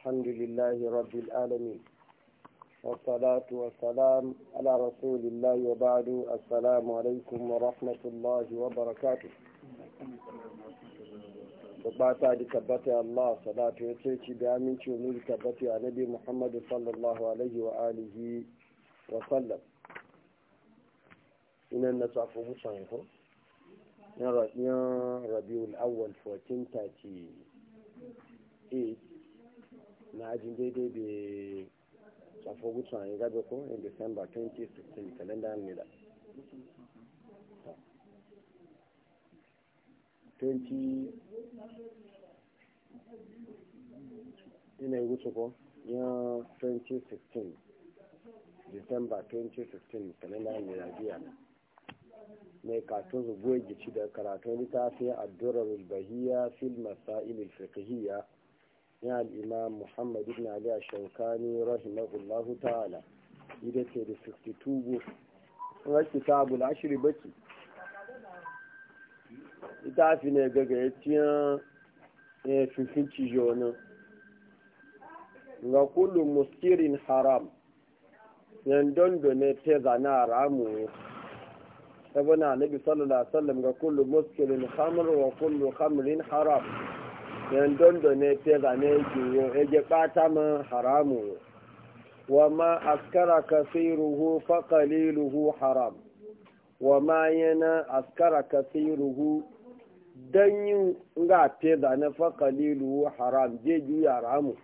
الحمد لله رب العالمين والصلاة والسلام على رسول الله وبعد السلام عليكم ورحمة الله وبركاته da tabbata Allah salatu ya ce mu tabbata annabi Muhammad sallallahu alaihi wa alihi rabiul awwal na ajin daidai da safo gutu a gabe ko in december 2016 calendar nila 20 ina yi gutu ko ya 2016 december 2016 calendar nila biya mai kato zuwa gici da karatun littafi a durar bahiya fil masa'il fiqhiyya ya al'imam muhammad ibn ali ashaukani rahimahullahu ta'ala ida ce da 62 go rashi ta abu ashiri baki ita fi ne gaga ya ciyan ya fifin cijonin ga kullum muskirin haram yan dondo ne te zana ramu sabana nabi sallallahu alaihi wasallam ga kullum muskirin khamr wa kullum khamrin haram yan dondo ne te ga ne jiyo eje ma haramu wa ma askara ruhu fa ruhu haram wa ma yana askara ka dan yin nga te ga ne fa qaliluhu haram jeju ju haramu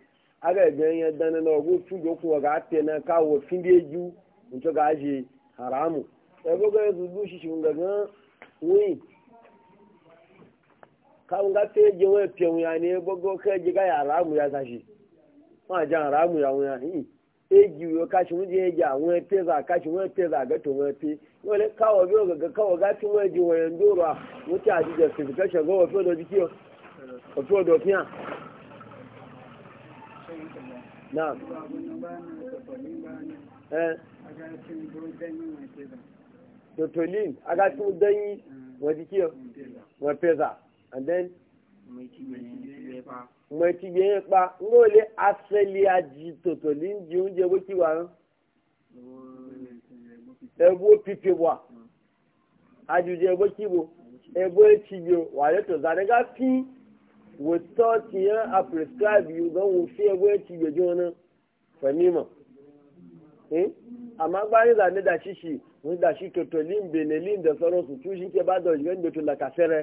aga e je yan dan na ogu tụjọ ku ga te na ka wo finde ju e ga aje haramu ebo ga zu bu shi shunga E ka ká tẹ́ jẹ́ wọ́n pẹ̀wọ̀n yà ní gbogbo kẹ́jẹ́ ká ya ràmù yà sàṣì wọ́n àjà ya yà wọ́n eji yìí éjì wọ́n káṣí wọ́n jẹ́ peza àwọn ẹ̀tẹ́ zà peza wọ́n ẹ̀tẹ́ zà gẹ́tọ̀ wọ́n ẹ̀tẹ́ wọ́n lé káwọ̀ bí ọ̀gẹ̀gẹ̀ káwọ̀ ká ti e fi and then mọ̀tìgbẹ́ yẹn pa ń gbọ́ lé asẹ́lẹ̀ ajì tòtò ní jí oúnjẹ bó ti wà ń ẹ̀bú pípé wà ajùjẹ bó ti wò ẹ̀bú ẹ̀tìgbì wà lẹ́tọ̀ zàdẹ́gà fi wòtọ́ ti a prescribe yìí gan wò fi ẹ̀bú ẹ̀tìgbì jọ náà fẹ̀mí mọ̀ àmọ́ gbáyé zàdẹ́dà ṣíṣì ń dà sí tòtò ní ìbẹ̀lẹ̀ ní ìdẹ̀sọ́rọ̀ sùn tún ṣíṣe bá dọ̀ yìí ń dòtò làkàfẹ́rẹ́.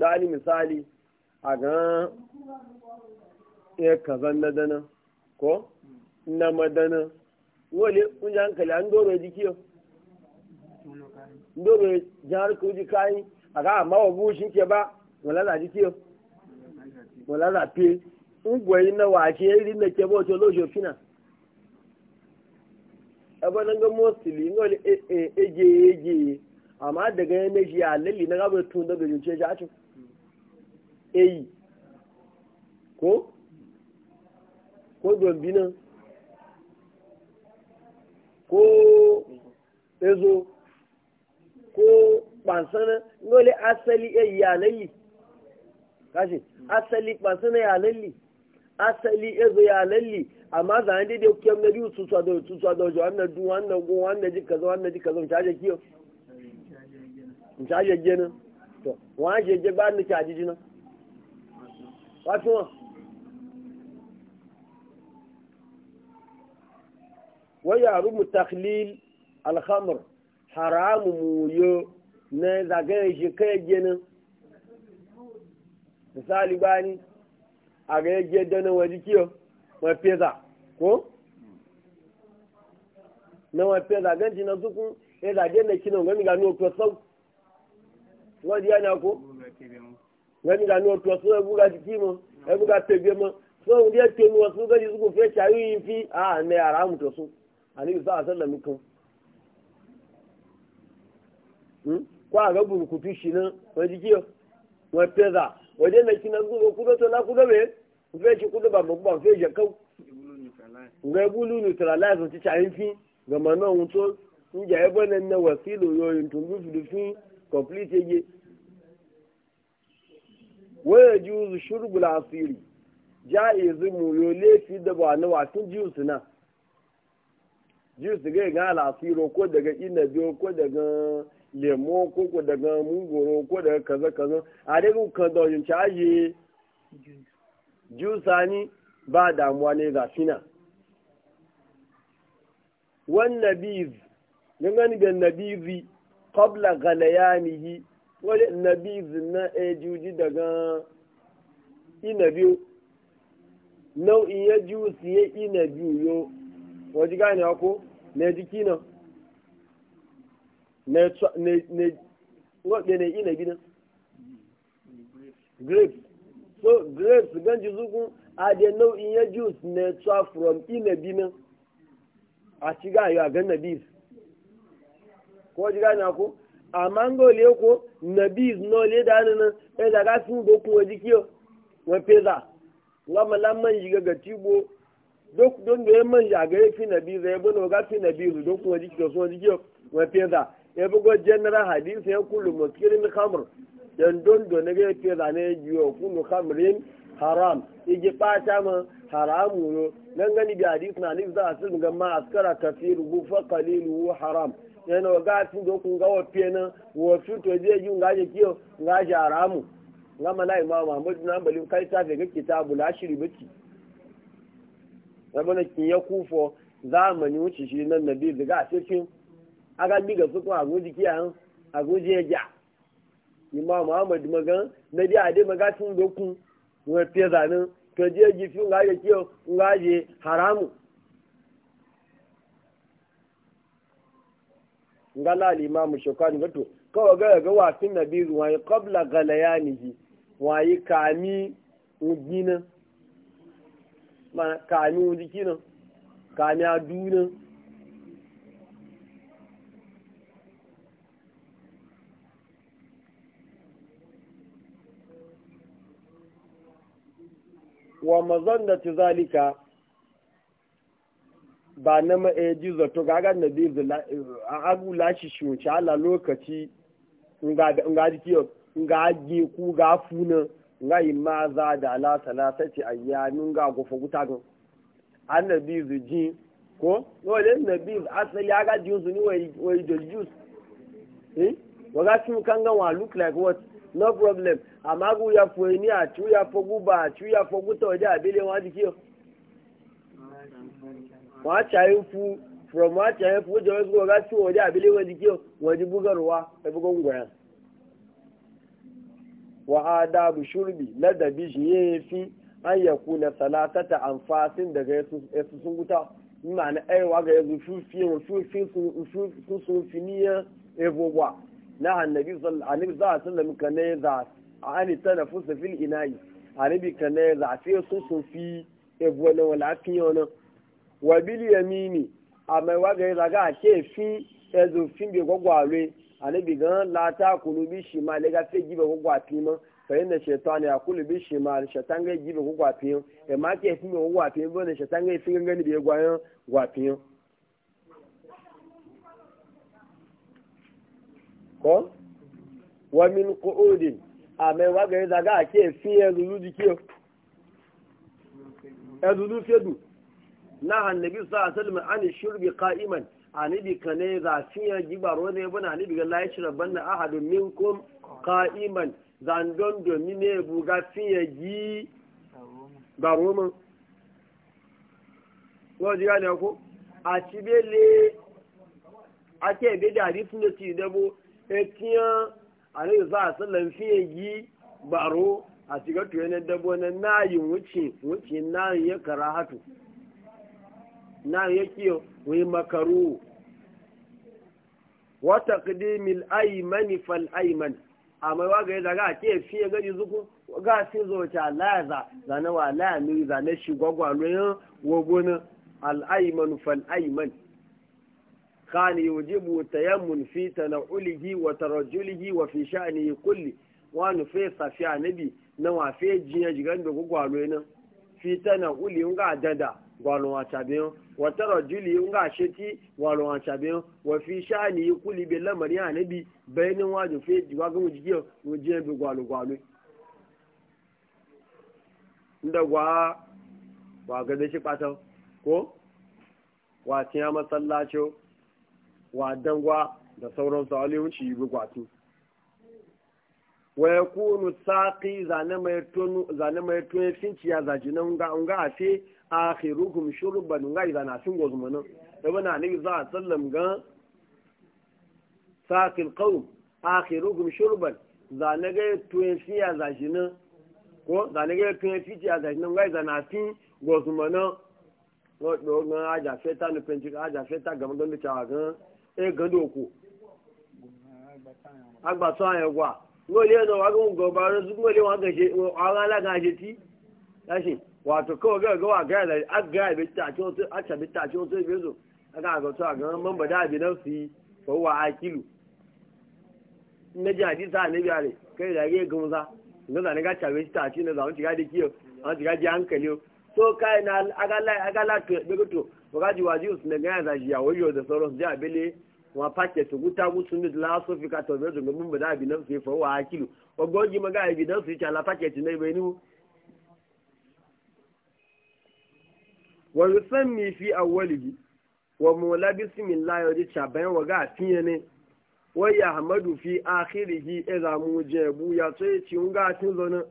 gani misali a gan ya kazan na dana ko na madana wale kun ji hankali an doro jiki yau doro jihar kuji kayi a ga amma wa bushin ke ba wala za jiki yau wala za fi ungwayi na wace ya yi na ke ba wato lojo fina ebe nan ga mostly ngole eje eh, eh, eje amma daga yanayi a lalli na gaba tun daga jince jacin eyi ko ko dombi nan ko ezo ko kpansana ngole asali eyi yanali kashi asali kpansana ya yanali asali ezo ya yanali amma zane dai dai kiyam na biyu tutuwa da tutuwa da wajen wannan dun wannan gun wannan ji kaza wannan ji kaza mutaje kiyo mutaje gena to wa je je ba ni kaji jinan wáṣọ wọn. wọ́n yà rúmù taklil alhamr haramu muyo ne zagaye shi kai jinin misali bani a ga yake dana waje kiyo mafeza ko na mafeza ganci na sukun ya zage na kinan gami gani o to sau wadi yana ko ngani ga no to so ebu ga jikimo ebu ga tegemo so ndiye tenu wasu ga yusu fe chayi fi a ne aramu to su. ani sa sallam kun hmm kwa ga buru kutu shi na wa jikiyo wa teza waje na kina zuwa kudo to na kudo be fe shi kudo ba magba fe je kau ga bulu neutralize ti chayi fi ga manon to nja ebo ne ne wasilu yo yintun bi fi complete ye waya juzu shurbul asiri ja'izu mu yo lefi da ba na wasin juzu na juzu ga ga al'asiro ko daga inabi ko daga lemo ko ko daga mungoro ko daga kaza kaza a dai ku ka da yin chaji juzu ni ba damuwa ne ga fina wannan biz ganin da nabizi qabla ghalayanihi wani nabi zina e juji daga inabi nau'in ya ju siye inabi yo wajen gane ko na jiki nan na wadda na inabi nan grapes so grapes ganji zukun a da nau'in ya na tsa from inabi nan a shiga yau a gan nabi ko ji gane amma ngo le ko nabi no le da nan e da ga sun go ku ji kiyo wa peza nga malam man yiga ga tibo dok don ne e man ya ga e fi nabi zai e bu no ga fi nabi ru dok ku ji kiyo so ji kiyo wa peza e bu go general hadith ya kullu muskirin khamr dan don do ne ga peza ne jiyo kullu khamrin haram iji bata ma haram yo nan ni bi hadith na ni za su ga ma askara kafiru bu fa qalilu haram yana ga tun da kun ga wafiye nan wafi to zai yi ga ji kiyo ga ji haramu ga mala imam Muhammad na balin kai ta ga kitabu la shiri biki na kin ya kufo zamani wuce shi nan nabi daga cikin aga diga su ko agoji kiyan agoji ya ja imam Muhammad magan nabi ade maga tun da kun wafiye zanin to je ji fi ga ji kiyo ga ji haramu ngala al shokani gato kawai ga ga wasin nabi ruwa ya qabla galayanihi wayi kami ujina ma kami ujina kami aduna wa mazannati zalika ba na ma'aji eh, zato gagar na eh, a agula shi shi ala lokaci nga jiki nga ji ku ga funa nga yi ma za da ala talata ce a yanin ga gofa guta gan annabi zu ji ko wale nabi asali aga ji su ni wai da jus eh waga shi kan gan wa look like what no problem amma gu ya fo ni a chu ya fo guba chu ya fo guta waje abile wa jiki wọ́n á ṣàyè fún from wọ́n á ṣàyè fún ó jẹ́ wọ́n sọ́kọ́ ọ̀gá tí wọ́n dé wa ada kó na gbọ̀yàn. wọ́n á dá bùsùrùbì na salatata amfasin daga yasu sun na ma'ana aiwa ga yanzu sun na annabi sallallahu alaihi wasallam kan ne za ani fil inayi kan ne za sai sun sun na wala na wa bil yamini amma wa ga daga ke fi ezo fin bi gogware anabi gan la ta kulu bi shimale ga fe gibe gogwa pimo fayin da shaitan ya kulu bi shi shimale shaitan ga gibe gogwa pimo e ma ke fi gogwa pimo bo ne shaitan ga fi gangani bi gwayan gwa pimo ko wa min qu'udin amma wa ga daga ke fi ezo lu dikio ezo lu fedu na nabi sallallahu alaihi wasallam an shurbi qa'iman anibi kane za fiya gibaro ne bana anibi ga lai shira banna ahadun minkum qa'iman zan don domin ne buga fiya gi baro mun wọ́n jí gánà kó da bẹ́lẹ̀ àti ẹ̀bẹ́dẹ̀ àdífúnnà ti ìdẹ́bó ẹkíyàn àríwísá àṣẹlẹ̀ fi èyí gbàrú àti gọ́tù ẹni dẹ́bó ẹni náà yìí wọ́n wuce náà yẹ kara na yake wa makaru wa taqdimil ayman fal ayman amma waga yadda ga ke fi ga zuku ga sai zo ta laza zana wa la mi zana shi gwagwalo yin wogun al ayman fal ayman kan yujibu tayammun fi tanawulihi wa tarajulihi wa fi sha'nihi kulli wa nu fi safiya nabi na wa fi jinya jigan da gwagwalo yin fi tanawuli ga dada gwalon acabiyan wata rajuli nga sheti gwalon acabiyan wa fi shani kuli be lamari anabi bayanin wajo fe jiwa ga mujiye mujiye bi gwalo gwalo inda gwa wa ga da shi pata ko wa tiya masallacin wa dangwa da sauran su alihunci yi bi gwatu waya kunu saqi zane mai tonu zane mai tonu finciya zaji nan ga nga afi akhiruhum shurban ga idan na sun gozu mana da bana za a sallam ga saqil qawm akhiruhum shurban za ne ga tuyen za jinin ko za ne ga tuyen za jinin ga idan na sun gozu mana no do na aja feta ni penji aja feta ga mun da ga e ga do ko agba so ayo gwa no le no wa go go ba ru ngo le wa ga je wa ala ga je ti lashin wato kawai ga gawa gaya da an gaya bai tace wasu an bai tace wasu ya bezo aka ga to a ga man bada bi nan yi fawa a kilu na ji hadisa ne biya ne kai da ga gumza ga zane ga tabe shi tace ne zamu shiga da kiyo an shiga ji hankali so kai be to ga ji waji ga za ji ya da sauran ji abele wa to guta gutu ne la so fika to bezo mun bi nan a ogoji maga wa yusammi fi awwalihi wa mola bismillah yau ji caban wa ga fiye wa ya fi akhirihi iza mu ya tsaye ci nga tin zona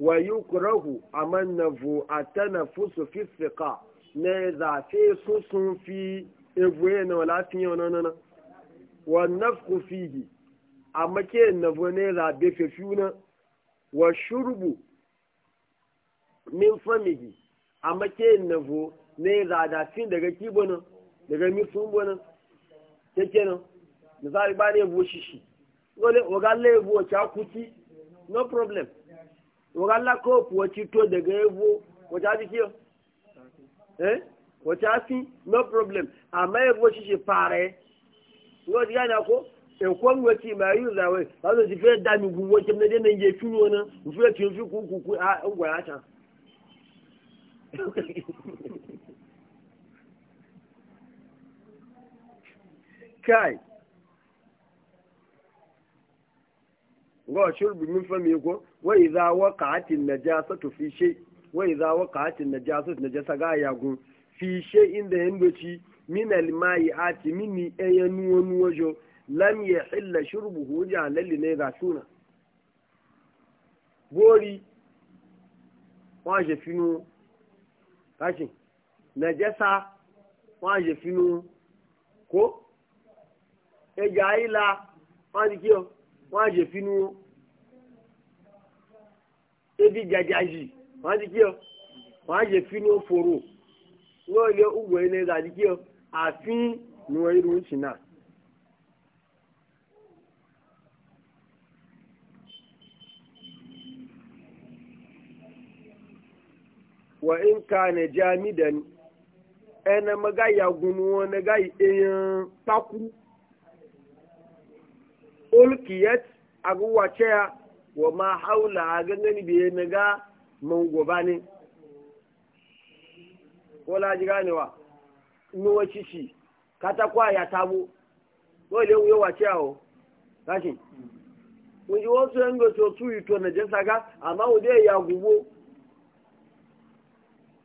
wa yukrahu amannafu atanafusu fi siqa ne za fi susun fi ebuye na wala fiye na na na wa nafku fihi amma ke nafo ne za be fe wa shurbu min famihi amma ke nafo ne za da fin daga kibo nan daga mitsun bo ke keke nan misali ba ne bo shishi wale oga lebo cha kuti no problem oga la ko po ci to daga ebo ko ta ji kiyo eh ko ta fi no problem amma ebo shishi pare ngo diga e na ko ẹ̀kọ́ ń wẹ̀ tí ìmọ̀ ayé ìlàwẹ̀ láti ti fẹ́ dá mi gbogbo ọjọ́ mẹ́lẹ́dẹ́ náà yẹ kí wọn náà na ẹ̀ tí ti fi ku ku a ọgbà yà ta. kai ga shurbi min fami ko wa idza waqa'atin najasatu fi shay wa idza waqa'atin najasatu najasa ga yagun fi shay inda yandoci min mai ati minni ayanu wonu wajo lam yahilla shurbuhu lalli ne ga suna bori wa je finu kashi najasa wọn àyè finu kó ẹjà ayíla wọn àti kíọ wọn àyè fínú ebi jajaji wọn àti kíọ wọn fòrò wọn ò lé wa in kana jamidan ena maga ya gunu wani ga iyan taku ulkiyat aguwa ceya wa ma haula a gangan biye mm. na ga mangoba ne ko laji ganewa nuwa shishi katakwa ya tabo wale wuyewa ceya o kashin kun ji wasu yan gaso su yi to na jinsa ga amma wude ya gubo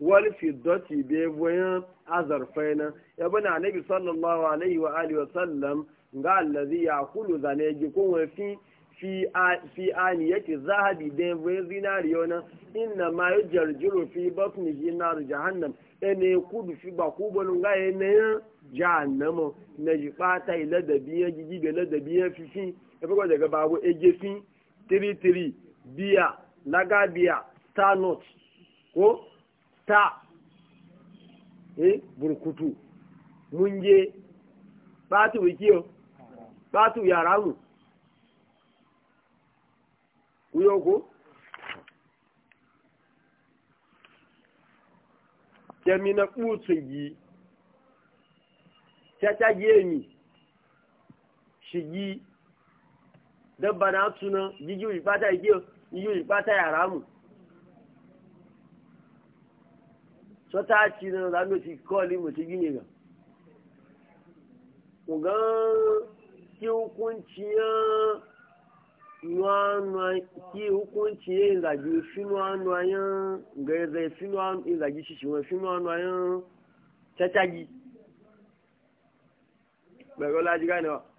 wal fiddati be boyan azarfaina ibn annabi sallallahu alaihi wa alihi wa sallam ga allazi yakulu zanaji ko wa fi fi a yake aniyati zahabi be boyan zinariyo na inna ma yujarjiru fi batnihi nar jahannam ene kudu fi ba kubon ga ene jahannam na jipata yi da biya gigi be la da biya fifi e ko daga babu ejefin 33 biya laga biya tanot ko ta eh burkutu munje batu wikiyo batu yaramu kuyoko kemina kutsu yi tata yemi shigi dabba na tuna gigi wuri bata ikiyo gigi wuri bata yaramu sọta ci na lanu ti kọọli mo ti gini ga ogan ki hukunci ki hukunci yan ilaji finu anu ayan gẹrẹzẹ finu anu ilaji sisi finu anu ayan tẹtagi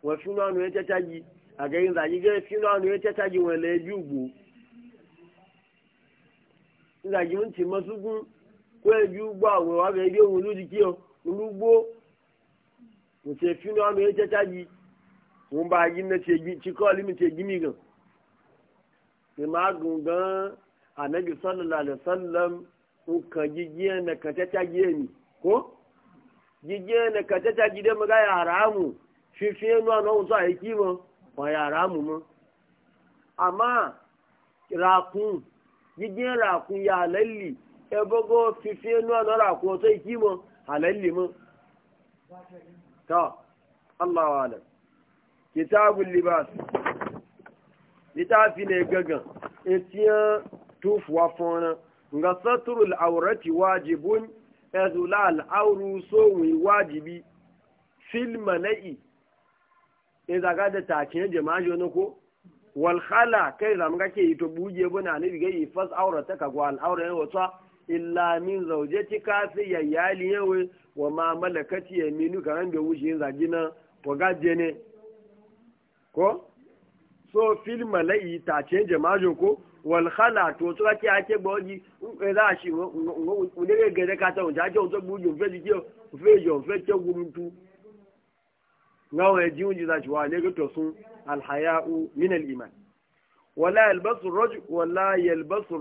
wa finu anu yan tẹtagi agẹyin finu anu yan tẹtagi wọn ju ti kó ẹjú gbọ́ àwọn ọ̀rọ̀ rẹ̀ yóò wọlé di kí ọ olúgbó kò ṣe fínú àmì ẹ̀ tẹ́tà yìí wọ́n bá yí mi ṣe yí mi gàn. ìmọ̀ àgùn gan-an ànábì sọ́lọ́lá àlẹ́ sọ́lọ́m nǹkan jíjí ẹ̀ nìkan tẹ́tà yìí èmi kó jíjí ẹ̀ nìkan tẹ́tà yìí dé mọ́gá yàrá mù fífi ẹnu àná òun tó àyíkí ebogo fifiye nuwa na rako sai kimo halalli mu ta Allah wa nan kitabul libas litafi ne gagan etiyan tufuwa fona ga saturul aurati wajibun ezula al'auru so wi wajibi fil mala'i izaga da takin jama'a jono ko walhala kai zamu kake yi to buje buna ne ga yi fas aurata ka gwal aure wata illa min zaujatika sai ya yali yawe wa ma malakati yaminu kan da wuce zagina wa gaje ne ko so fil malai ta ce jamajo ko wal khala to to ake ake gboji za shi ngo ne gere ka ta unja jo to buju fe ji o fe jo fe che gurutu ngawo e ji unji za shi wa ne ga to sun al haya'u min al iman wala yalbasu rajul wala yalbasu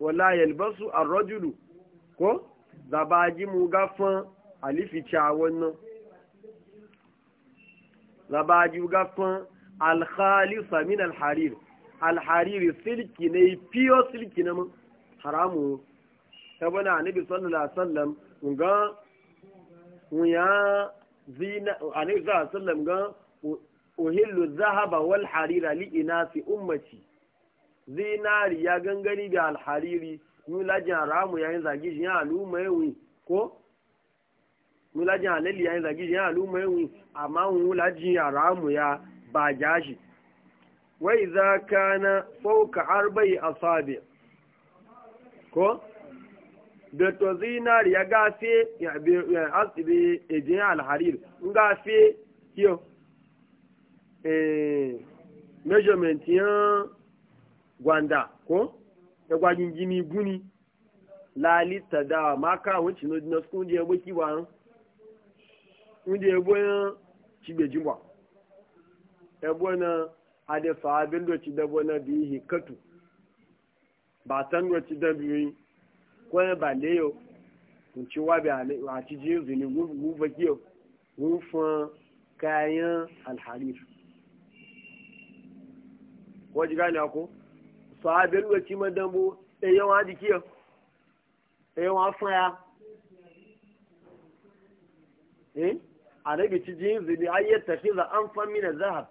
wala yalbasu ar-rajulu ko zabaji mu gafan alifi chawon nan u gafan al-khalis min al-harir al-harir silki ne piyo silki ne mun haramu sabana annabi sallallahu alaihi wasallam ga wuya zina annabi sallallahu alaihi wasallam ga uhillu dhahaba wal harira li inasi ummati zinari ya gangani da alhariri mulajin aramu yayin zagi shi yan al'umma yawi ko mulajin halali yayin zagi shi yan al'umma yawi amma mulajin haramu ya ba jashi wai za ka na fauka arba'i asabi ko da to zinari ya gafe ya asibi ejin alhariri n gafe kiyo eh, measurement yan gwanda ko ya gwagin gini guni lalita da maka wuce eh? eh, eh, na dinas kun je yabo kiwa kun je yabo yan cibe jimba yabo na adefa abin da ci dabo na biyu hikatu ba tan da ci yi ko ya ba leyo kun ci wabi a ci je gufa kiyo gufan kayan alharif wajen gane ko sahabin wacce madambo ɗayan wa jikiyar ɗayan wa faya eh a rage ci jin zini ai ya a za an fami na zahab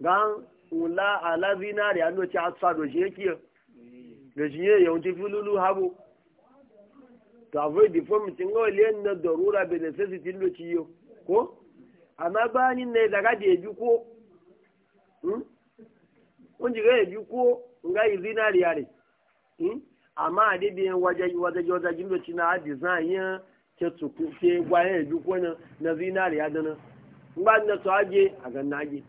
gan ula ala zinari a noci a sa doshi ya kiyar doshi ya yawanci filulu habo to avoid the form tin go le na darura be necessity lo ci yo ko amma ba ni ne daga de ju ko hmm on ji nga yi zinariya ne amma hmm? a dibi yan waje waje waje gindo ci na design yan ke tsuku ke gwaye duk wani na zinariya dana in ba na to aje a gan na aje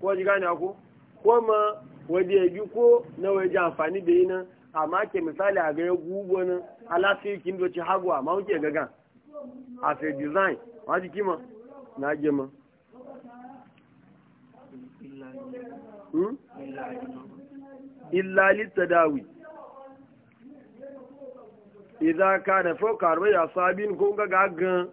ko ji gane ko ko ma waje ya bi ko na waje amfani da yi nan amma ke misali a ga ya gugu nan alafi gindo ci hagu amma wuke gagan a fe design ma kima na aje ma Hmm? illa littadawi idan ka da fauka arba'in asabin ko ga gagan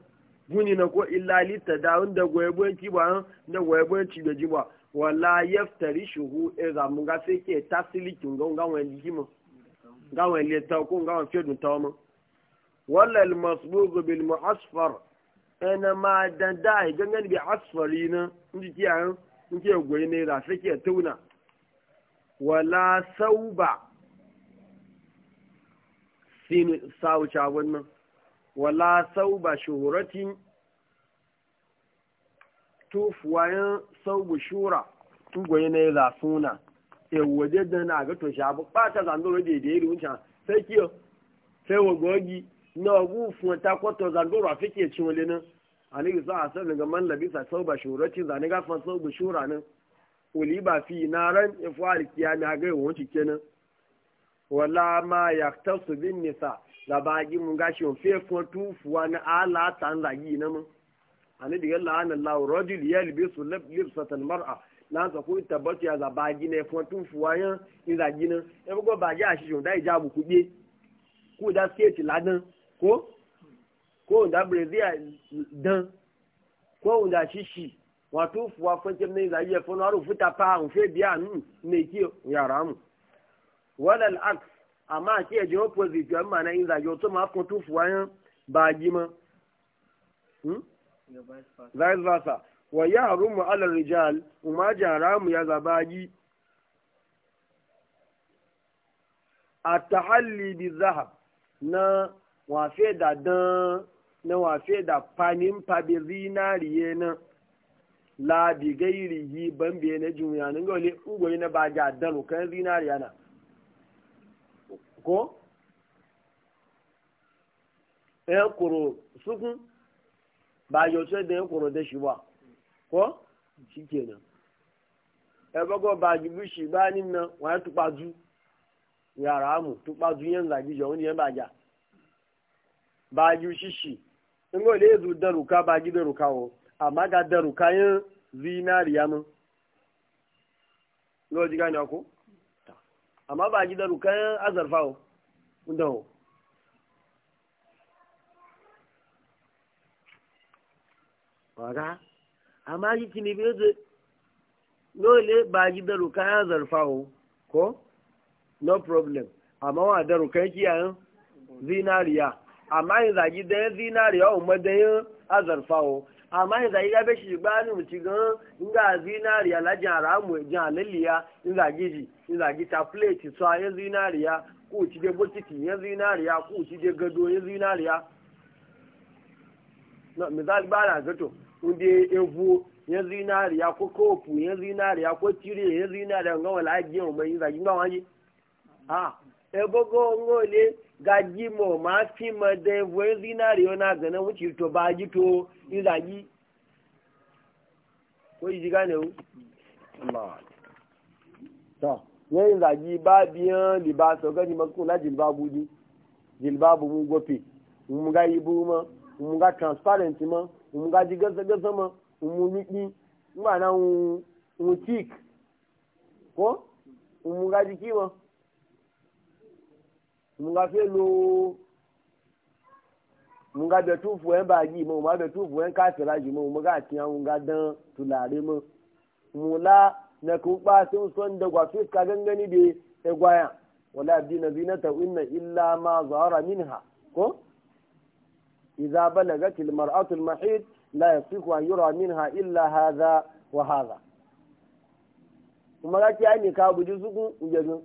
guni na ko illa littadawi da goyeboyin kiba da goyeboyin da ba wala yaftari shuhu idan e mun ga sai ke tasilikin ga gawan ga wani leta ko fiye dunta wani wala almasbuq bil mu'asfar ina e ma dan da e gangan bi asfarina inji kiyayen nke gwai naira sake tauna wala sau sauba sau cawon nan wala sau ba shuhuratin tufuwayen bu shura tugwai naira suna ewaje da na ga to shabu bata zangoro daidai irin wucin sai kiyo sai wa gogi na ogun fun takwata zangoro a fike cin wale nan ani za a san daga man labisa sau ba shuracin zane gafan sau ba shura nan uli ba fi na ran ifuwa alkiya na gai wanci kenan wala ma ya su bin nisa da ba gi mun gashi on fe ko tufuwa na ala tan zagi na mun ani diga la'ana Allah rajul yalbisu libsata mar'a lan sa ko tabbata ya za na gi ne ko tufuwa yan in zagi nan e bugo ba gi a shi da ijabu kuje ku da state ladan ko ko da brazil dan ko da shishi wato fuwa kwanciyar na izayi ya fana haru futa fa an fe biya nu ne ke yara mu wadal ax amma ke je opposite yan mana izayi to ma kun tu fuwa yan ba gima hmm vice versa wa ya harumu ala rijal umma jara mu ya zabagi at-tahalli bi zahab na wa fe da dan na wafe da fanin fabe zinariye na labi iri yi bambe na juya nan ga wale ungoyi na ba ga daro kan zinariya na ko ɗaya kuro sukun ba yaushe da ya kuro da shi ba ko shi kenan ẹ bọ́gọ́ ba jìbìṣì shi ba wọ́n á tupa ju yara mu tupa ju yẹn ń ba oúnjẹ ba bá ju in le ya zu da ruka ba gidan ruka wo amma ga da ruka yin zinariya mun ga ji gane ko amma ba gidan ruka yin azarfa wo inda wo waga amma yi kini bi yanzu dole ba gidan ruka yin azarfa wo ko no problem amma wa da ruka yin zinariya amma yin zagi da ya zinariya wa madayin azarfawo amma yin zagi ya bashi gbani mu cigan in ga zinariya la jan ramu jan lalliya in zagi ji in zagi ta plate so a ya zinariya ko ci de bokiti ya zinariya ko ci de gado ya zinariya na misali ba na zato gato ya evu ya zinariya ko kofu ya zinariya ko tire ya zinariya ga wala ajiyan mai zagi ga wani ah ebogo ngole gaji mo ma fi mo de wezinari ona na wuci to ba ji to ilaji ko yi gane wu Allah to ne ilaji ba biyan libaso gani makun la jilbabu di jilbabu mu gopi mu ga ibu mo mu ga transparent mo mu ga ji gasa gasa mo mu niki ngba na mu tik ko mu ga ji ki mo nga fe lo nga bẹ tu fún ẹ báyìí mo ma bẹ tu fún ẹ káàkiri àjì mo mo káàkiri àwọn nga dán re mo mo la na nàkó kpa se ń sọ ń gwa fi ka gángan ni de e gwa ya wala bi na bi na ta in na illa ma zọra min ha ko iza ba idà balaga tilmar atul mahid la ya fi kuwa yura min ha illa haza wa haza. kuma ka kiyaye ni ka buji suku in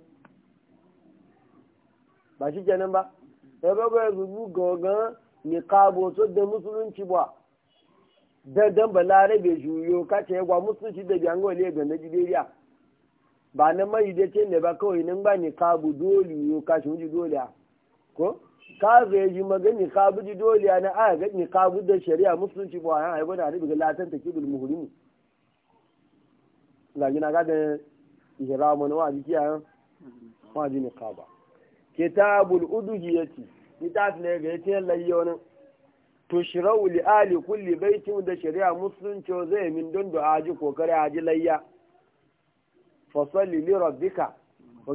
ba shi kenan ba ya bago ya zubu gogan niqabo to da musulunci ba dandan balarabe juyo kace ya gwa musulunci da biyango ne ga Najeriya ba na mai da ce ne ba kawai nan ba niqabu dole yo kace mu ji dole ko ka zai ji magani kabu ji dole na a ga niqabu da shari'a musulunci ba ha ai bada daga latan takibul muhrimu la gina ga da ihramu na wa ji kiyaye wa ji niqaba kitabul udhiyati kitab ne ga yace layyona to shirau li ali kulli baitin da shari'a musulunci zai min don da aji kokari aji layya fa salli li rabbika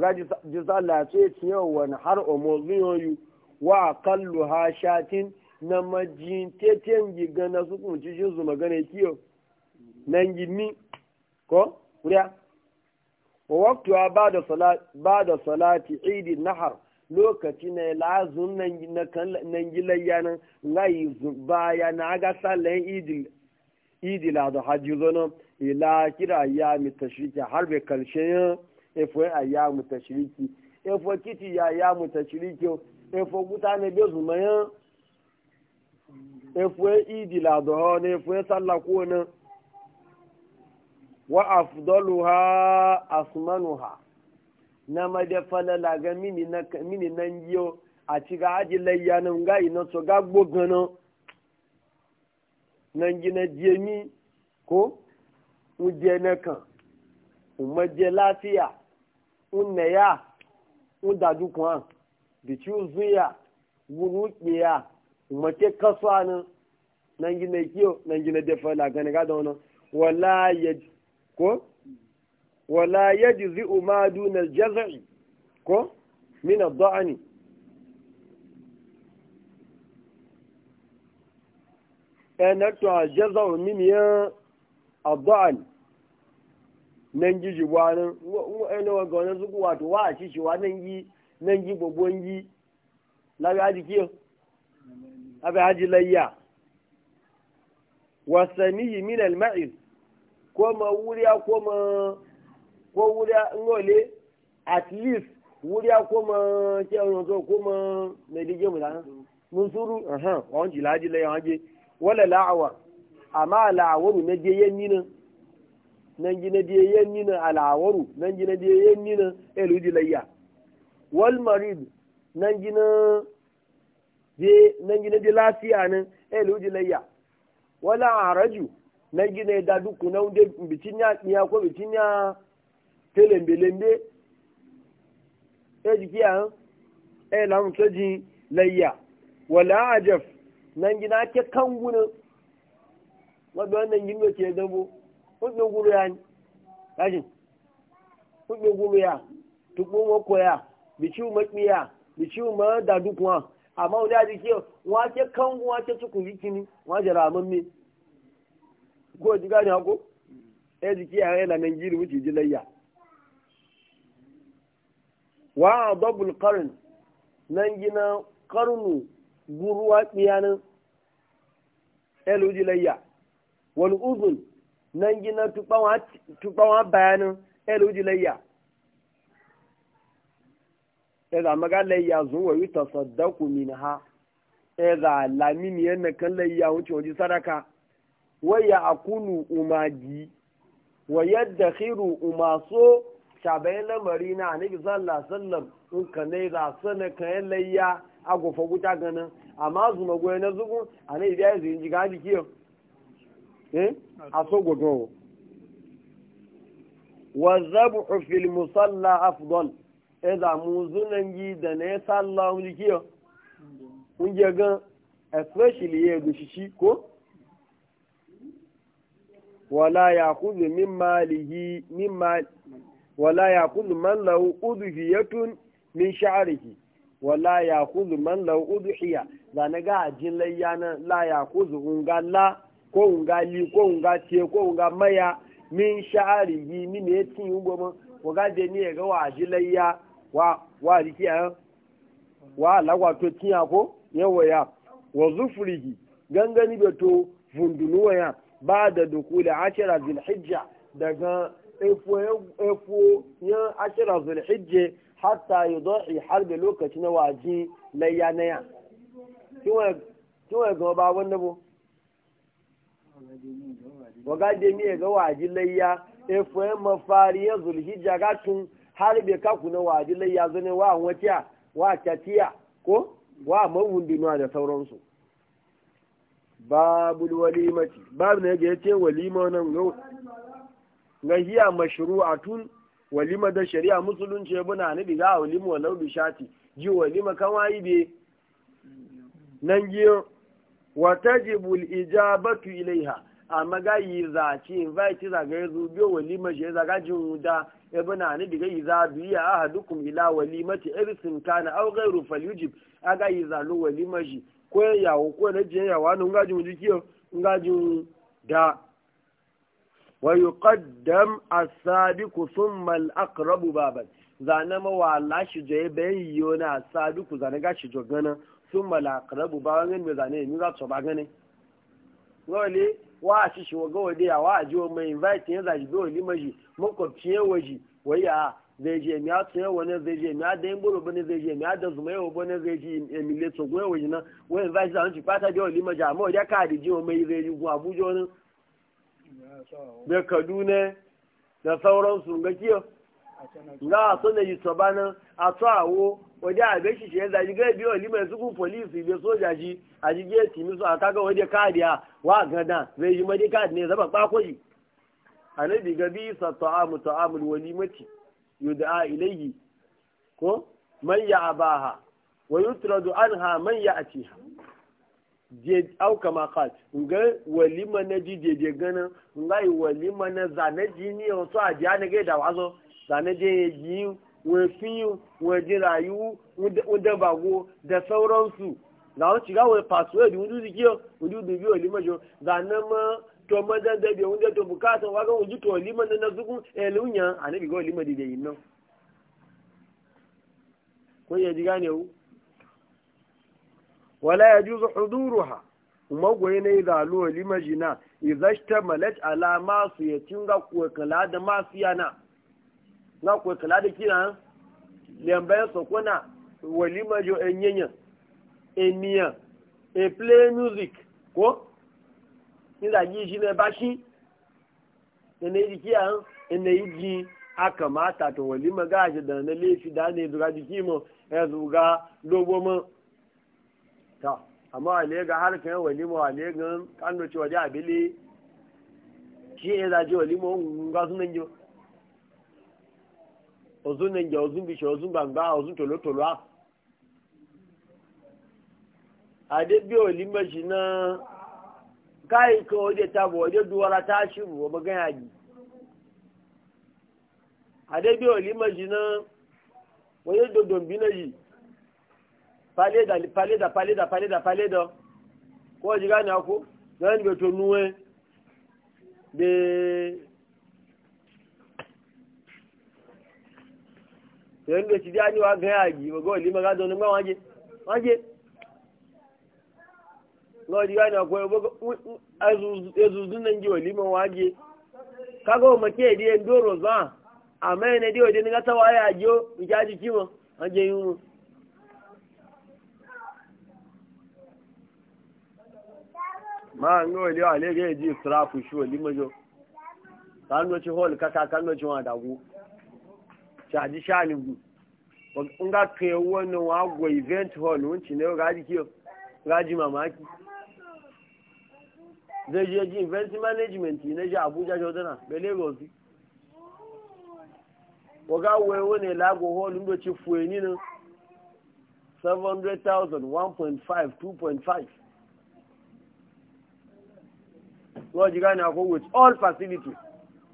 gaji ji ya ce ce wani har omoziyoyu wa kallu ha shatin na majin teten giga na su kunci shi su magana kiyo nan gini ko kuriya wa waktu ba da salati idin nahar lokaci na lazun nan gilayya nan layi baya na aga sallan idil da hajji zonon ila kira ya mi tashiriki har bai karshe yin efo a ya mu tashiriki efo kiti ya ya mu tashiriki efo kuta ne bai zuma yin efo idil da na efo sallah ko nan wa afdaluha asmanuha na madafala laga mini na mini nan yo a ci ga aji layya na ga na so ga gbogano ko uje na kan umaje lafiya unnaya udadu kwan bici uzuya wuru kiya umace kasuwa nan nan gina kiyo nan gina dafa laga na ga da wani wala ya ko wala yajzi ma duna jaz'i ko min ad-da'ni ana to jaz'u min ya ad-da'n nan ji jiwanin ana wa gona zuku wato wa a cici wa nan yi nan yi gbogbon yi labi haji kiyo abi haji layya wasani min al ko ma wuriya ko ma ko wuriya ngole at least wuriya ko ma ke on zo ko ma ne dige mu dan mun suru aha on ji laji le on ji wala la'awa ama la'awaru na je yen nina nan ji na je yen nina al'awaru nan ji na je yen nina eludi layya wal marid nan ji na je nan ji na je lafiya nan eludi layya wala araju nan ji na da duku nan de bitinya ko bitinya telembelembe ejiki e an eh la mu toji layya wala ajaf nan gina ke kanguna wadda wannan yin ce dabo hudu guru ya kaji hudu guru ya tukpo mako ya bici makiya bici ma da dukwa amma wani aji ke wace kangu wace tukun rikini wace ramin mi ko ji gani hako ejiki a yana nan gini wuce jilayya wa dabul qarn nan gina qarnu guruwa tsiyanin layya wal uzun nan gina tubawa bayanin layya eza layya zun wa yuta saddaku min ha eza lamin yana kan layya wuce waje sadaka waya akunu umaji wa yadda umaso na lamari na anabi sallallahu sallam in ka ne za sana ka yi layya a gufa wuta ganin amma zuma goyi na a anabi biya zai ji gaji kiyo eh a so gogo wa zabhu fil musalla afdol e za mu zunan yi da salla wani ji kiyo kun je gan especially ya gushishi ko wala ya kuzi min malihi min mali. wala ya kudu man lau udhiyatun min sha'rihi wala ya kudu man lau udhiya da na ga ajin layya na la ya kudu unga la ko unga li ko unga tie ko unga maya min sha'rihi min ne tin ugo mo ko ga de ni ga wa ajin layya wa wa riki a wa la wa to tin ko yawa ya wa zufrihi gangani beto fundunuwa ya ba da dukula ashara zilhijja daga efo ya ashira zulhijje hatta har harbe lokaci na waji layya na ya ki wa ga ba wannan bo waga de mi ga waji layya efo ma mafari ya a ga tun harbe ka na waji layya zane wa wata wa tatiya ko wa mawundi ma da sauransu babu walimati babu ya ga ce walima nan ga hiya mashru'atun walima da shari'a musulunci ya buna ni diga walima wa laudu shati ji walima kan wayi be nan giyo wa tajibu al-ijabatu ilaiha amma ga yi zaci invite za ga yazo biyo lima shi za ga jin da ya buna ni diga yi za biya ahadukum ila walimati irsin kana aw ghayru falyujib aga yi zalu walima shi ko yawo ko na je yawa nun ga jin jikiyo ngajin da ويقدم السابق ثم الأقرب بابا zane mawala shi je bayan yiwo na sabiku zane ga shi jo gana sun malakarabu ba wani mai zane yi za ba gane wale wa wa ajiyo mai invite ya zaji biyo lima shi makwabci ya waji wai ya zai je miya tsaye wani zai je miya da yin zai je miya da zuma yawa bane zai je emile tsogoya waji na fata amma yi da kaduna da sauransu ga kiyo za a ne yi sabanin a tsawo wadda a gashi shi ya yanzu a biyu wani mai polisi bai soja shi a jigai timi su a kaga kadi kadiya wa gada zai yi madi kadi ne zama kwakwai a na biga bi sa ta'amu ta'amu walimati yud'a ilayi ko man ya turadu wa ha manya a ya ha. je auka makat nga walima na ji je gana nga yi walima na zane ji ni o so aje ana ge da wazo zane je ji we fiyu we ji rayu unda bago da su na o shiga we password undu zikiyo undu dubi walima jo zane ma to madan da be unda to bukata waga unji to walima na zugun elunya bi go walima de yin no ko ye ji gane wu wala yajuzu huduruha magwai ne da aluwa na ala ya cin ga kwekala da masu yana ga kwekala da kina lambayan sokona a play music ko nígbà yìí ji lè bá ṣí ẹni yìí kí à ń ji yìí jí akàmá àtàtọ̀ wọ̀lí mọ́ gáàṣì dànù lé fi dáná ìdúrà di kí mọ́ ẹ̀dùn ta amma wale ga harkar walima wale gan kano ci waje abili shi ya zaje walima ga sunan jo ozun nan ja ozun bishe ozun gbangba ozun tolotolo a adebi walima shi na kai ka waje tabo waje duwara ta shi bu ba gan yaji adebi walima shi na waje dodon bi na yi paleda paleda paleda paleda paleda ko ji gane ku zan ga to nuwe be zan ga ci dani wa ga yaji ba go lima ga don ngwa waje waje ko bo azu azu nan waje ma ke di ndoro ne di wajen ga mi anje ma ngo le ale ge ji strafu shu li majo kan no ci hol kaka kan no ci wa da gu cha ji sha event hall un ci ne ki mamaki zai je ji event management ne ji abuja jodana be lagos ne do one point five two point five. lọ́jì gánà kó with all facilities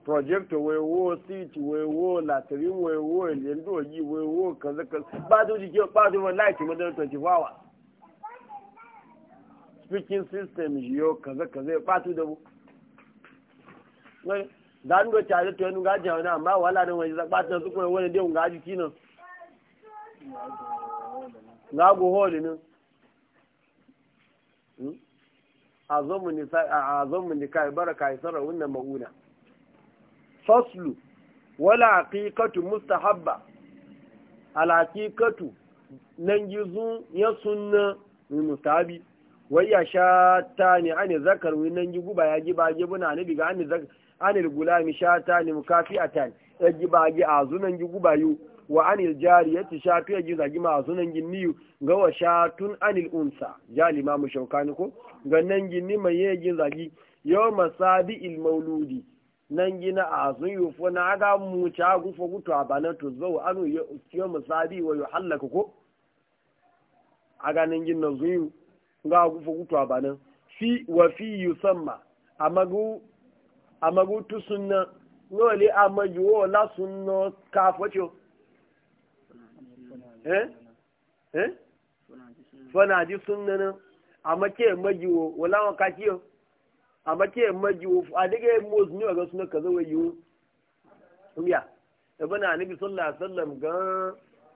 projector wẹ̀wọ́ seat wẹ̀wọ́ latrine wẹ̀wọ́ ẹ̀lẹ́ndò yìí wẹ̀wọ́ kẹsẹ̀kẹsẹ̀ bá tó ti jẹ́ pàtó wọn láìsí mọ́tò twenty four hours speaking system yìí ó kẹsẹ̀kẹsẹ̀ pàtó da tare azamu nikai baraka ya sarar wannan ma'una faslu wala hakikatu mustahabba al haqiqatu nan gizu ya sunna mu mustahabi wai ya shata ne ani zakar wai nan gigu ba ya giba gibuna ne biga ani zakar ani gulami shata ne mukafi mukafiatan ya giba gi azunan gigu bayu wa anil jariyati shafi ya a gima a gini ginniyu ga wa shatun anil unsa jali ma mu shaukani ko ga nan gini mai yegin zagi yau masabi ilmauludi nan gina a sun yi fo na aga mu ca gufo gutu a bana to zau anu yau masabi wa yau hallaka ko aga nan gina sun yi ga gufo gutu a bana fi wa fi yusamma amagu amagu tu sunna ngole amaju wo la sunno ka focho eh eh fana ji sunna na amma ke majiwo wala wa kaciyo amma ke majiwo a daga mozu ne ga suna kaza wai yiwu umiya ibn annabi sallallahu alaihi wasallam ga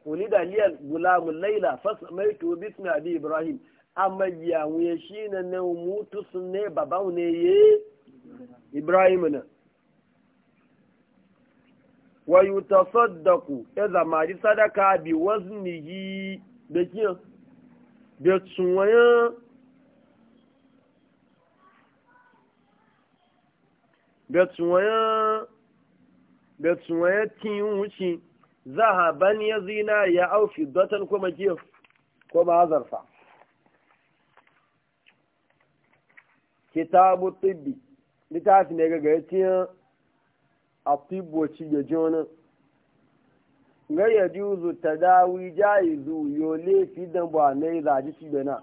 ulida liyal gulamul laila fasmaitu bismi abi ibrahim amma ya wuye shine ne mutu sunne baba ne ye ibrahim na wa yutasaddaqu idza ma sadaka bi waznihi da kiyan da tsuwayan da tsuwayen tin wuce za a bani ya zina ya aufi dotan kuma jiya kuma zarfa kitabu tibbi littafi ne gaga ya tiyan a tibboci ya ji wani gaya juzu ta dawi jayizu yole fi dan ba na yi zaji shi da na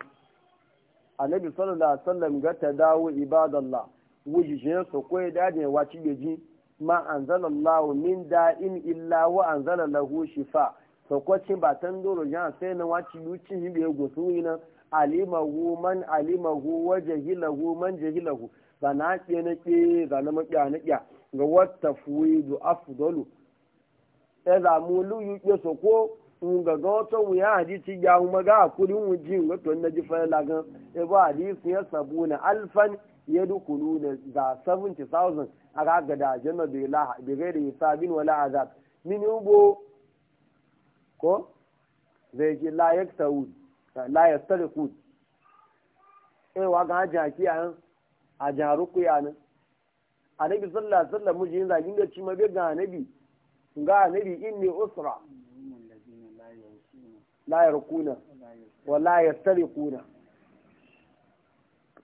annabi sallallahu alaihi wasallam ga ta dawo ibadallah wujijin su ko dajin waci beji ma anzalallahu min da'in illa wa anzala lahu shifa so ko cin batan doro jan sai na waci luci yi be gosu ina alimahu man alimahu wa jahilahu man jahilahu bana ke na ke zana makiya na kiya ga wata fuwidu afdalu ya e zamu luyu ke so ko nga ga wata wuya hadisi ya maga a ji wujin wato na ji fara lagan ya e ba hadisi ya sabuna alfan ya dukulu da za 70,000 a kaga da janna bai gaida hisabin wala azab min yubo ko zai ji la ya saud la ya sarku eh wa ga jaki a a ya nan annabi sallallahu alaihi wasallam mujin zagin da ci mabe ga annabi ga annabi layar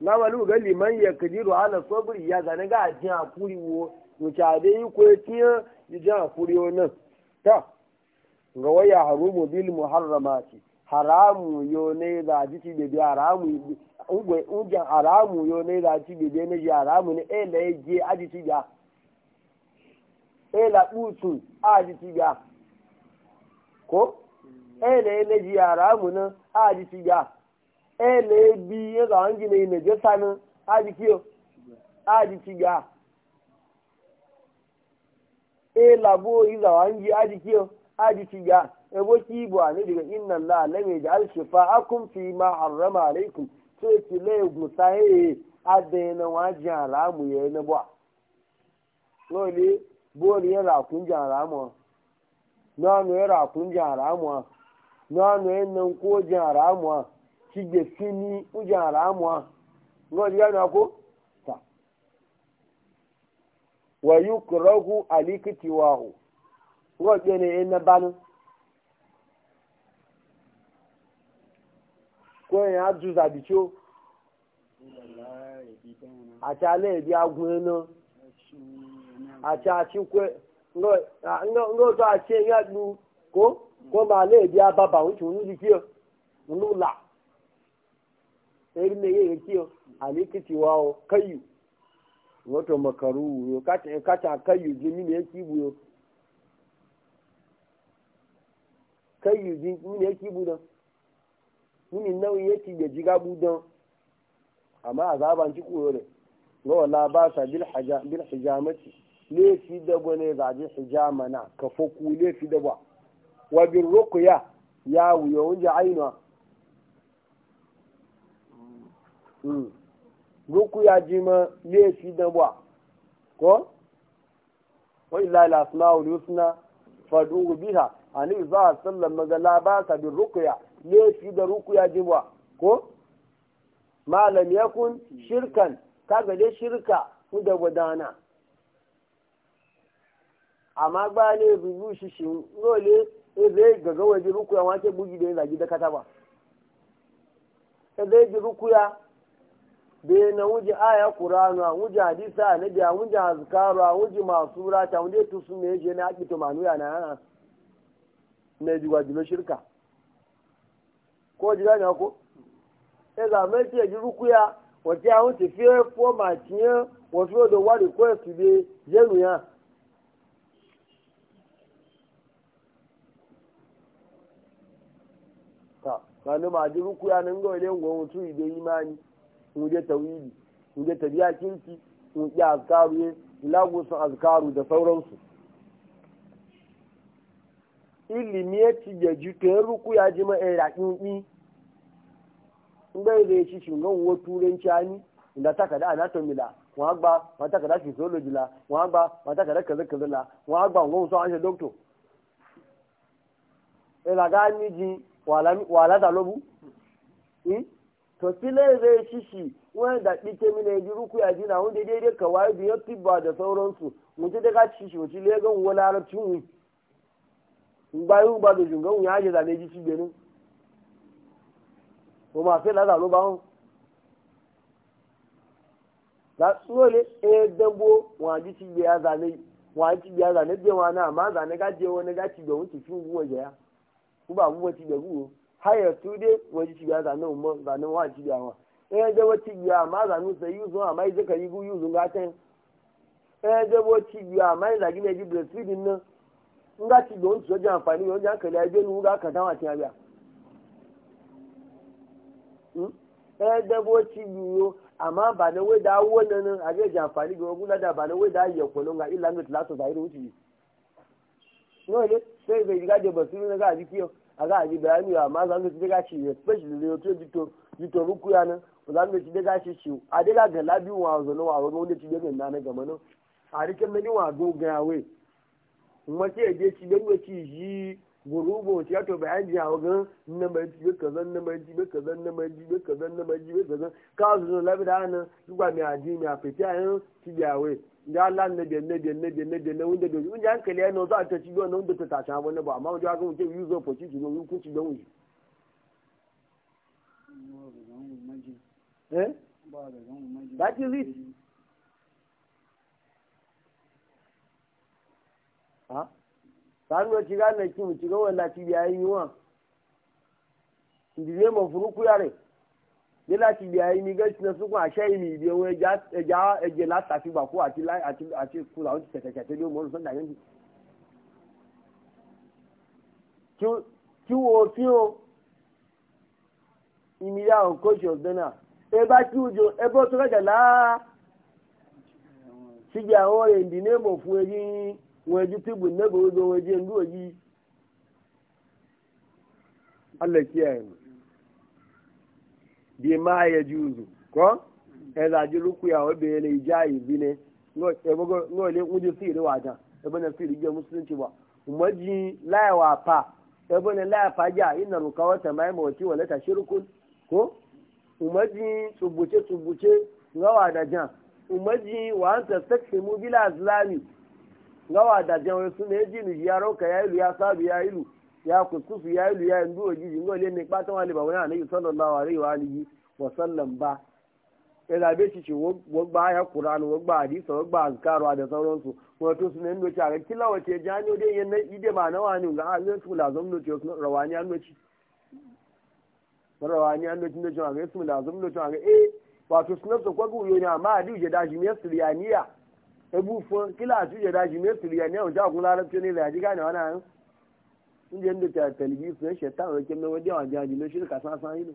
lamalu ga liman ya kadiru ala sobiri ya zane ga ajin akuri wo wuce ade yi ko tiya ajin akuri wo nan ta ga waya harumu bil muharramati haramu yo ne da jiti bebe haramu ugwe ujan haramu yo ne da jiti bebe e e e ne ji haramu ne ele eje ajiti ga ele utu ajiti ga ko ele ele ji haramu ne ajiti ga e na-ebi ya ga na ime jesanụ adịkịo e labo iza a daga inna la lame da al shifa fi ma harrama alaikum to e e, wa ji haramu ye na bo no le bo ni ra kun ji na no no ra kun ji haramu no no en ti gbèsè ní oúnjẹ àràmù à ńgọ́ ti gánà kó tà wàyú kùrọ́gù àlíkìtì wà ó ńgọ́ ti ní ẹnẹ bánú. kó yẹn á ju zàbìtì ó àti alẹ́ ìdí agun ẹnu àti àtikọ́ ńgọ́ tó àti ẹ̀yà lu kó kó máa lé ìdí ababa òun ti kí ẹ̀ ń sai ne yayi kiyo alikiti wawo kayu wato makaru yo kata kata kayu jimi ne yake buyo kayu jimi ne yake budan mini nauyi yake da jiga budan amma azaban ci koyo ne lawa la ba sa bil haja bil hijamati le fi da gone za ji hijama na ka foku le fi da ba wa bil ruqya ya wuyo wunja aina ruku hmm. ya ji ma laifi da ba ko wa illa la asma'ul husna fad'u biha ani za sallam maga la ba ka bi rukuya laifi da rukuya ji ba ko malam yakun shirkan kaga dai shirka ku da gudana amma ba ne rubu shi shi dole zai gaga waje rukuya wake bugi da yin zagi da kata ba zai ji rukuya bai na wuji aya kuranu an wuji hadisa anabi an wuji azkaru an wuji masu rata wanda ya tusu ne je na haƙi tumanu ya na yana na ji gwajilo shirka ko ji gani ko e za mai ce ji rukuya wace an wuce fiye ko maciye wasu da wari ko ya su bai jenu ya ta kanu ma ji rukuya nan ga wale ngwa mutu ibe imani wuje tawili wuje tabiya kinki wuje azkaru ye lagusun azkaru da sauransu ilimi ya ci jaju ta yin ruku ya ji ma'a raƙin ɗi ngai da ya ci shingan wo turanci ani inda ta kada anatomy la wọn agba wọn ta kada physiology la wọn agba wọn ta kada kaza kaza la wọn agba wọn sọ an ṣe doctor ìlàgá níji wàhálà dà lóbu to kila shishi wanda ɗike mina ya ya ji na wanda daidai ka waye biyar tibba da sauransu mutu da ka shishi wuce legan wani larabcin wi bayan ba da jungan ya ji zane ji shi benin ko ma sai lazaro ba hun e dambo wa ji ya zane wa ji na zane ga je wani ga da wuce shi guwa ya ku ba haya su dai waje ci biya zanen umar zanen wa eh, ci biya wa ɗaya da wace biya ma zanen sai yi zuwa mai zaka yi gu yi zun gatan ɗaya da wace biya ma yi zagi mai ji breastfeeding nan in ci don su waje amfani da je ga ka ci da hmm? eh, amma ba na wai da wannan nan a amfani da ba na wai da ya kwalon ga illa da na ga a a za a ji bayani wa ma zan ci daga shi especially da yoto jito jito ruku ya nan ba zan ci daga shi shi a daga ga labi wa zo wa wa wanda ci daga na na gama nan a rikin nan wa go ga we kuma ce je ci dan we ci yi gurubo ci to bayani ya ga na mai ci ka zan na mai ci ka zan na mai ci ka zan na mai ci ka zan ka zo labi da nan duba mi aji mi a fitiya yan ci ya we ndị Allah na biyan na biyan na biyan na biyan na wanda doji wanda hankali a ta ci biyan na wanda ta tashi hawa na ba amma wajen haka mutum yi zo foci ndị ní láti ilẹ̀ ayé mi gẹ́gẹ́ tinubu àṣẹ ìmì ìdí ohun ẹja ẹjẹ látàfi gbàkú àti kú làwọn ti tẹ̀tẹ̀tẹ̀ ní ọmọ wo fi o ìmìyà òǹkóṣì ọ̀gbẹ́ náà ẹ bá kí ojú ẹ tó kẹ̀kẹ́ láà síbi àwọn èdè ní fún ẹyí wọn ẹjú tìbù nígbà ẹjẹ ń lú alẹ́ kí ẹ̀ bi ma ya juzu ko e za ji luku ya wa bai ne jayi bi ne ngo e le kuji siri wa ta e bana siri je musulunci ba umaji laiwa fa e bana laiwa fa ja inna rukawata mai mawati wala ta shirkun ko tsubuce tsubuce ngawa da jan umaji wa an tastaqimu bila azlami ngawa da jan wasu ne ji ni yaro ka yayi ya sabu yayi ya kusufu ya luya ya ndu ojiji ngo le ne patan wale ba wona anabi sallallahu alaihi wa alihi wa sallam ba ila be ci ci wo gba ya qur'an wo gba hadis wo gba azkaru da sauransu wo to sun ndo ci kila wace jani de yen ide ma na wani ga an su lazum no ci rawani an ci rawani an ci ndo ci aga su lazum no ci aga eh wato sunan su kwagu yo ne amma hadiu je da shi ne siriyaniya ebu fun kila su je da shi ne siriyaniya o ja kun larabci ne da ji gane wani níjẹ́ ní ti àtẹ̀lẹ́bí fún ẹ̀ṣẹ̀ táwọn ẹ̀kẹ́ mẹ́wọ́n dé àwọn àjàjì ló ṣírí kàṣán sán yìí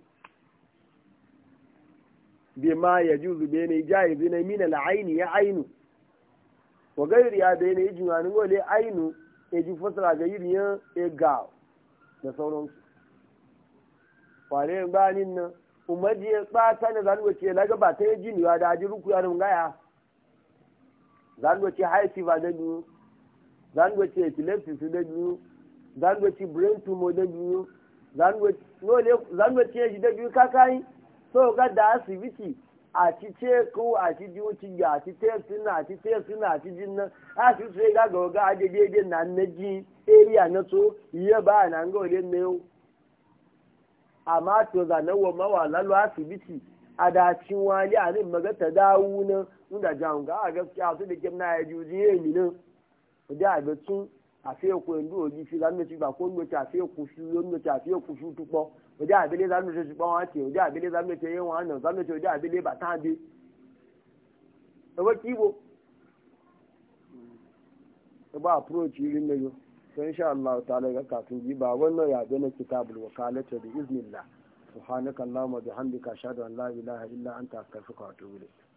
bí máa yẹjú zùgbé ní ìjà ìbí ní mínà là áyìn yẹ áyìn wọ́gá yìí ya ní ìjù hàn níwọ̀n lé áyìn èjì fọ́sọ̀rọ̀ ga yìí yẹn ẹ̀gà da sauransu kwarin banin nan umarji ya tsata ne zanuwa ce laga ba ta na jiniwa da aji ruku ya nun gaya zanuwa ce haifi ba su da biyu zanweci brain tumor da biyu zanweci ya ji da biyu kakayi so ga da asibiti a ci ce ko a ci ji wuci ga a ci te suna a ci te suna a ci jin nan a ci sai ga ga ga aje daidai na na ji area na so iya ba na ga wale na yau amma to zanawa mawa lalo asibiti a dacin wani a nan magata dawo nan inda jahun ga a gaskiya su da kim na ya juji ya yi nan da ga tun àfihàn ìlú òjì fi lánàtì gbà kó nùtì àfihàn kùsù lónùtì àfihàn kùsù túpọ̀ òjì àbílẹ̀ lánàtì ṣùgbọ́n wọn ti òjì àbílẹ̀ lánàtì ẹ̀yẹ wọn àná lánàtì òjì àbílẹ̀ bàtà dé. ẹ̀wọ́ kí wo ẹ bá rí mẹ́yọ tó ń ṣe àlá kàtún yìí bá wọn náà yàgbẹ́ ní kìtàbù wọ̀ká lẹ́tọ̀ bí ìzmìlá